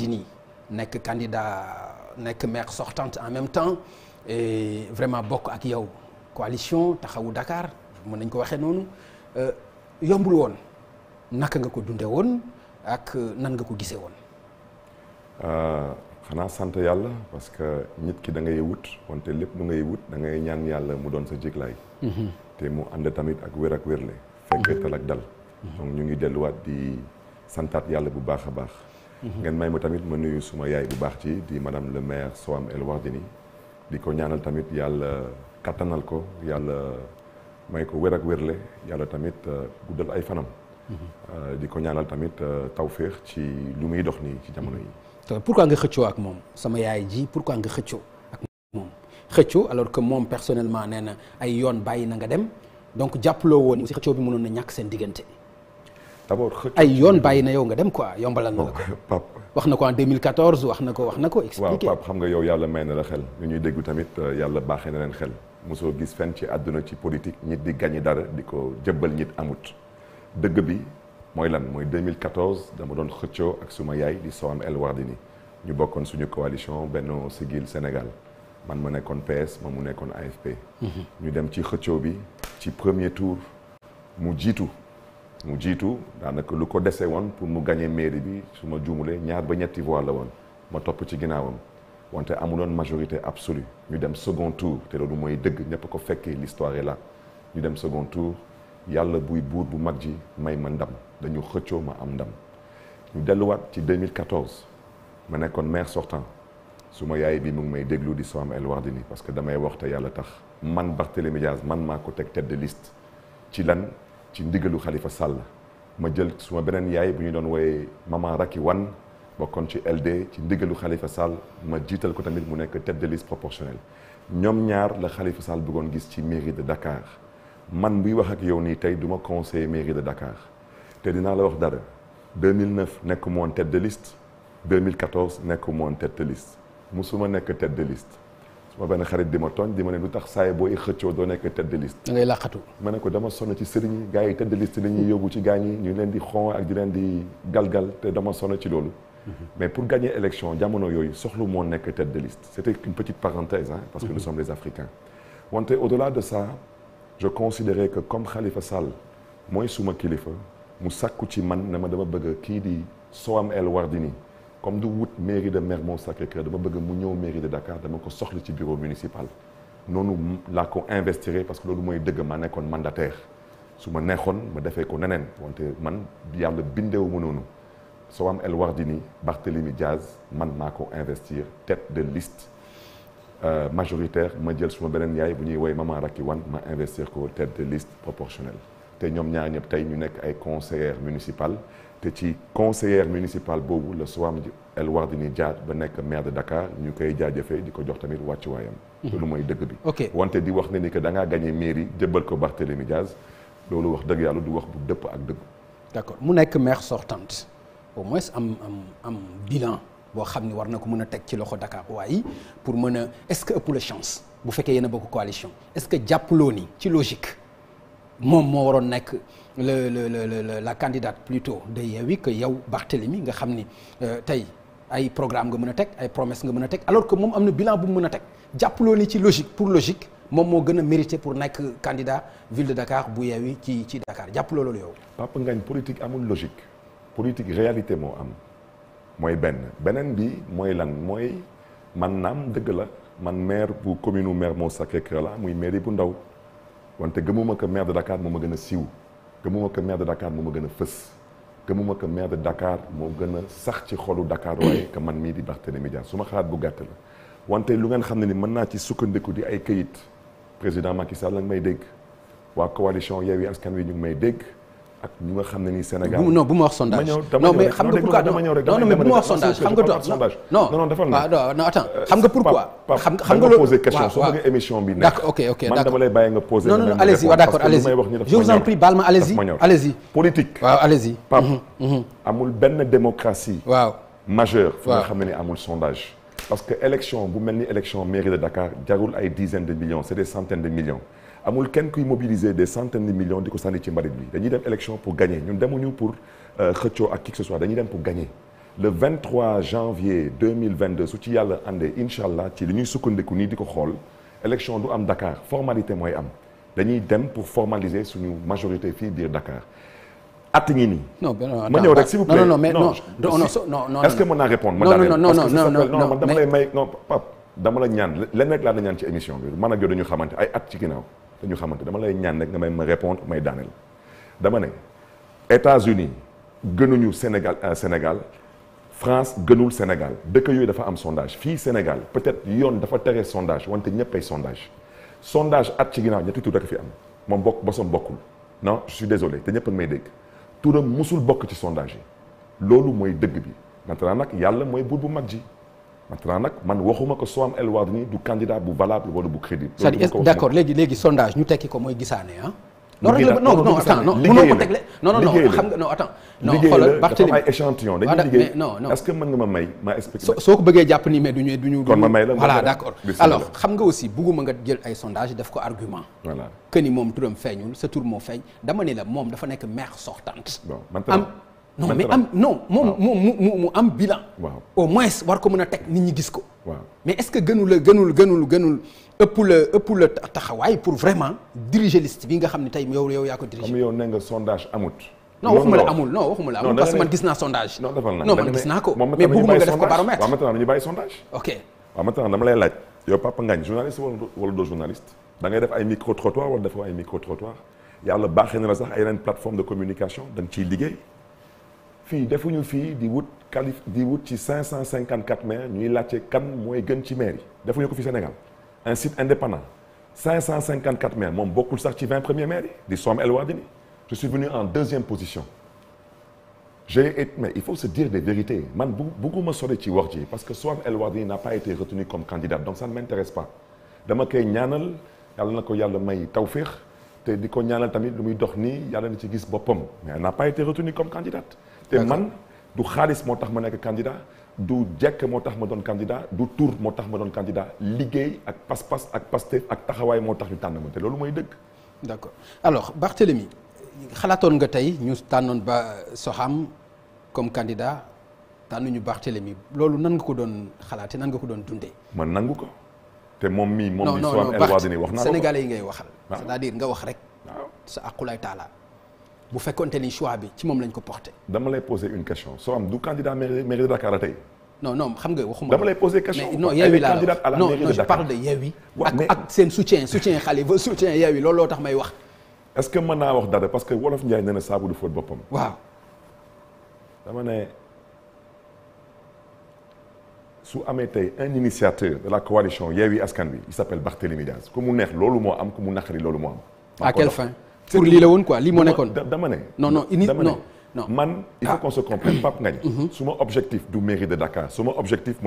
Wardini nekk candidat nekk maire sortante en même temps et vraiment bokk ak yow coalition taxawu Dakar mën nañ ko waxee noonu euh, yombul woon naka nga ko dunde woon ak nan nga ko gisee woon. Euh, xanaa sant yàlla parce que nit ki da ngay wut wante lépp lu ngay wut dangay ñaan yàlla mu doon sa jiglaay. Mhm. te mu ànd tamit ak wér ak wérle. fekkee tal ak dal. Mhm. donc ñu ngi delluwaat di santaat yàlla bu baax a baax. ngeen may ma tamit ma nuyu suma yaay bu baax ci di madame le maire Soham El Wardini di ko ñaanal tamit yàlla kattanal ko yàlla may ko wér ak wérle yàlla tamit euh, guddal ay fanam. Mm-hmm. Euh, di ko ñaanal tamit euh, tawféex ci lu muy dox nii ci jamono yi. Mm-hmm. pourquoi nga xëccoo ak moom sama yaay ji pourquoi nga xëccoo ak moom xëccoo alors que moom personnellement nee na ay yoon bàyyi na nga dem donc loo woon aussi xëccoo bi mënoon na ñàkk seen diggante. d'abord ay yoon bàyyi na yow nga dem ko yombalal na la ko Pape wax na ko en 2014 wax na ko wax na ko expliqué waaw Pape xam nga yow yàlla may na la xel nu ñuy déggu tamit euh, yàlla baaxe na leen xel mosoo gis fenn ci àdduna ci politique ñit di gagné dara di ko jëbbal nit amut dëgg bi mooy lan mooy 2014 dama doon xëccoo ak suma yaay di Soham El Wardini ñu bokkoon suñu coalition Benno Siggil Sénégal man ma nekkoon PS moom mu nekkoon AFP mhm. ñu dem ci xëccoo bi ci premier tou mu jiitu mu jiitu daanaka lu ko desee woon pour mu gagné mairie bi su ma juumulee ñaar ba ñetti voix la woon ma topp ci ginnaawam wante amuloon majorité absolue ñu dem second tour te loolu mooy dëgg ñëpp ko fekkee l'histoire est là ñu dem second tour yàlla buy buur bu mag ji may ma ndam dañu xëccoo ma am ndam ñu delluwaat ci 2014 ma nekkoon maire sortant su ma yaay bii mu ngi may déglu di Soham El Wardini parce que damay wax yàlla tax man Barthélémy Dias man maa ko teg tête de ci lan ci ndigalu Khalifa Sall ma jël suma beneen yaay bu ñu doon wooye maman Raki Wan bokkoon ci LD ci ndigalu xalifa Sall ma jiital ko tamit mu nekk tête de liste proportionnelle ñoom ñaar la xalifa Sall bëggoon gis ci mairie de Dakar man buy wax ak yow nii tey du ma conseiller mairie de Dakar te dinaa la wax dara 2009 nekk moon tête de liste 2014 nekk moon tête de liste musuma nekk tête de liste ma benn xarit di ma tooñ di ma ne lu tax saay booy xëccoo doo nekk tête de liste. da ngay ma ne ko dama sonn ci sëriñ yi gars yi tête de liste la ñuy yóbbu ci gaañ ñu leen di xon ak di leen di galgal te dama sonn ci loolu. Mhm. mais pour gagner élection jamono yooyu soxlu moo nekk tête de liste. c'était une petite parenthèse hein, parce que nous mhm. sommes des Africains. wante au-delà de ça je considérais que comme Khalifa Sall mooy suma kilifa mu sàkku ci man ne ma dama bëgg kii di Soham El Wardini. comme du wut mairie de Mermoz Sacré-Cœur dama bëgg mu ñëw mairie de Dakar dama ko soxla ci bureau municipal noonu laa ko investir parce que loolu mooy dëgg maa nekkoon mandataire su ma neexoon ma defee ko neneen wante man yàlla bindeewu ma noonu soo am El Wardini Barthélémy Diaz man maa ko investir tête de liste euh, majoritaire ma jël su suma beneen yaay bu ñuy woy Maman Racky Wane ma investir ko tête de liste proportionnelle te ñoom ñaar ñëpp tey ñu nekk ay conseillère municipal te ci conseillère municipal boobu la Soham El Wardini Dia ba nekk maire de Dakar ñu koy jaajëfee di ko jox tamit waayam mhm. loolu mooy dëgg bi wante di wax ne ni que da ngaa gagné mairie jëbbal ko Barthélémy Diaz loolu wax dëgg yàlla du wax bu dëpp ak dëgg d'accord mu nekk maire sortante au moins am am am bilan boo xam ni war na ko mën a teg ci loxo Dakar waaye pour mën a est-ce que ëpp la chance bu fekkee yéen a bokk coalition est-ce que jàppaloo ni moom moo waroon nekk le le le la candidate plutôt de Yewwi que yow Barthélemy nga xam ni euh, tey ay programme nga mën a teg ay promesse nga mën a teg alors que moom am na bilan bu mu mën a teg jàppaloo ni ci logique pour logique moom moo gën a mérité pour nekk candidat ville de Dakar bu Yewwi ci ci Dakar jàppaloo loolu yow. Papa Ngagne politique amul logique politique réalité moo am mooy benn beneen bi mooy lan mooy man naam dëgg la man maire bu commune maire moo Sacré-Cœur la muy mairie bu ndaw. wante gëmuma que maire de Dakar moo ma gën a siw gëmuma que maire de Dakar moo ma gën a fës gëmuma que maire de Dakar moo gën a sax ci xolu Dakar waaye man mii di Barthélémy média su ma xalaat bu gàtt la wante lu ngeen xam ne ni mën naa ci sukkandiku di ay këyit président Macky Sall la may dégg waa coalition Yewwi Askan Wi ñu ngi may dégg ak ñi xam ne nii Sénégal. bu ma sondage. non bu ma sondage xam nga tax non na waaw non attends euh, xam nga pourquoi. xam nga xam nga loolu posé question émission bi. d'accord ok ok d'accord d'accord je vous en prie baal allez-y allez waaw allez-y. Pape mhm, mhm. xam ne ni amul sondage. que élection bu mel ni élection mairie de Dakar jarul ay dizaines de millions c'est de millions. amul kenn kuy mobiliser des centaines de millions di ko sànni ci mbalit bi dañuy dem élection pour gagner ñun demuñu pour euh, xëccoo ak qui que ce soit dañuy dem pour gagner le 23 janvier 2022 su ci yàlla àndee incha allah ci li ñuy sukkandiku nii di ko xool élection du am Dakar formalité mooy am dañuy dem pour formaliser suñu majorité fii biir Dakar at ngi nii. non ma ñëw rek s'il vous plaît non est-ce que mën naa répondre ma daaneel non non lay may non Pape la ñaan lenn rek laa la ñaan ci émission bi man ak yow dañu xamante ay at ci ginnaaw. te xamante dama lay ñaan rek nga may ma répondre may daaneel dama ne États-Unis gënuñu Sénégal euh, Sénégal France gënul Sénégal dëkk yooyu dafa am sondage fii Sénégal peut-être yoon dafa tere sondage wante ñëpp ay sondage sondage at ci ginnaaw ñetti tur rek fi am moom bokk bosom bokkul non je suis désolé te ñëpp a may dégg turam musul bokk ci sondage yi loolu mooy dëgg bi maintenant nag yàlla mooy buur bu mag ji maintenant nag man waxuma ko Soham El Wardini du candidat bu valable wala bu crédible. d'accord léegi sondage ñu tekki ko mooy gisaane ah. liggéey la non non attends non mënoo ko tegle non non non xam nga non attends. non liggéey nga ma may ni la voilà d'accord alors xam nga aussi bugguma nga jël ay sondage def ko argument. voilà moom turam feeñul sa tur moo feeñ dama ne la moom dafa nekk mère sortante. bon am non mais am non moom moom mu mu am bilan. waaw au moins war ko mën a teg nit ñi gis ko. waaw mais est-ce que gënul gënul gënul gënul ëpp la ëpp la taxawaay pour vraiment diriger liste bi nga xam ne tey yow yow yaa ko diriger. comme yow nee nga sondage amut. non waxuma la amul non waxuma la amul parce que man gis naa sondage. non defal naa non man gis naa ko. mais bëgguma nga def ko baromètre. waaw maintenant dañuy bàyyi sondage. ok waaw maintenant dama lay laaj. yow Papa Ngagne journaliste wala doo journaliste da ngay def ay micro trottoir wala defoo ay micro trottoir yàlla baaxee na la sax ay yeneen plateforme de communication da nga ciy liggéey fii defuñu fii di wut qualif di wut ci cinq cent cinquante quatre maires ñuy laajte kan mooy gën ci maire yi defuñu ko fi Sénégal un site indépendant cinq cent cinquante quatre maires moom bokkul sax ci vingt premiers maires yi di Soham El Wardini je suis venu en deuxième position j'ai été mais il faut se dire des vérités man bu bugguma sori ci wax ji parce que Soham El Wardini n'a pas été retenu comme candidat donc sa ne m'intéresse pas dama koy ñaanal yàlla na ko yàlla may tawféex te di ko ñaanal tamit lu muy dox nii yàlla na ci gis boppam mais elle n'a pas te man du xaalis moo tax ma nekk candidat du jekk moo tax ma doon candidat du tour moo tax ma doon candidat liggéey ak pas-pas ak Pastef ak taxawaay moo tax ñu tànn ma te loolu mooy dëgg. d'accord alors mi xalaatoon nga tey ñu tànnoon ba Soham comme tànn ñu tànnuñu Barthélémy loolu nan nga ko doon xalaatee nan nga ko doon dundee. man nangu ko te moom mii. moom mii Soham El Wardini wax naa ko Sénégalais yi ngay waxal. c'est-à-dire nga wax rek. sa aqulay taala bu fekkonte ni choix bi ci moom lañ ko porté. dama lay poser une question soo am du candidat mairie mairie de a tey. non non xam nga waxuma. dama lay poser question mais non Yewwi laa la non non je parle de Yewwi. ak seen soutien soutien Khalifa soutien Yewwi tax may wax. est-ce que mën naa wax dara parce que wolof Ndiaye nee na saabu du fóot boppam. waaw. dama ne su amee tey un initiateur de la coalition Yewwi Askan Wi il s'appelle Barthélémy Dias ku mu neex loolu moo am ku mu naqari loolu moo pour lii la woon quoi lii moo nekkoon dama ne non non ini non non il faut ah. qu'on se comprenne Pape Ngagne mm-hmm. suma objectif du mairie de Dakar suma objectif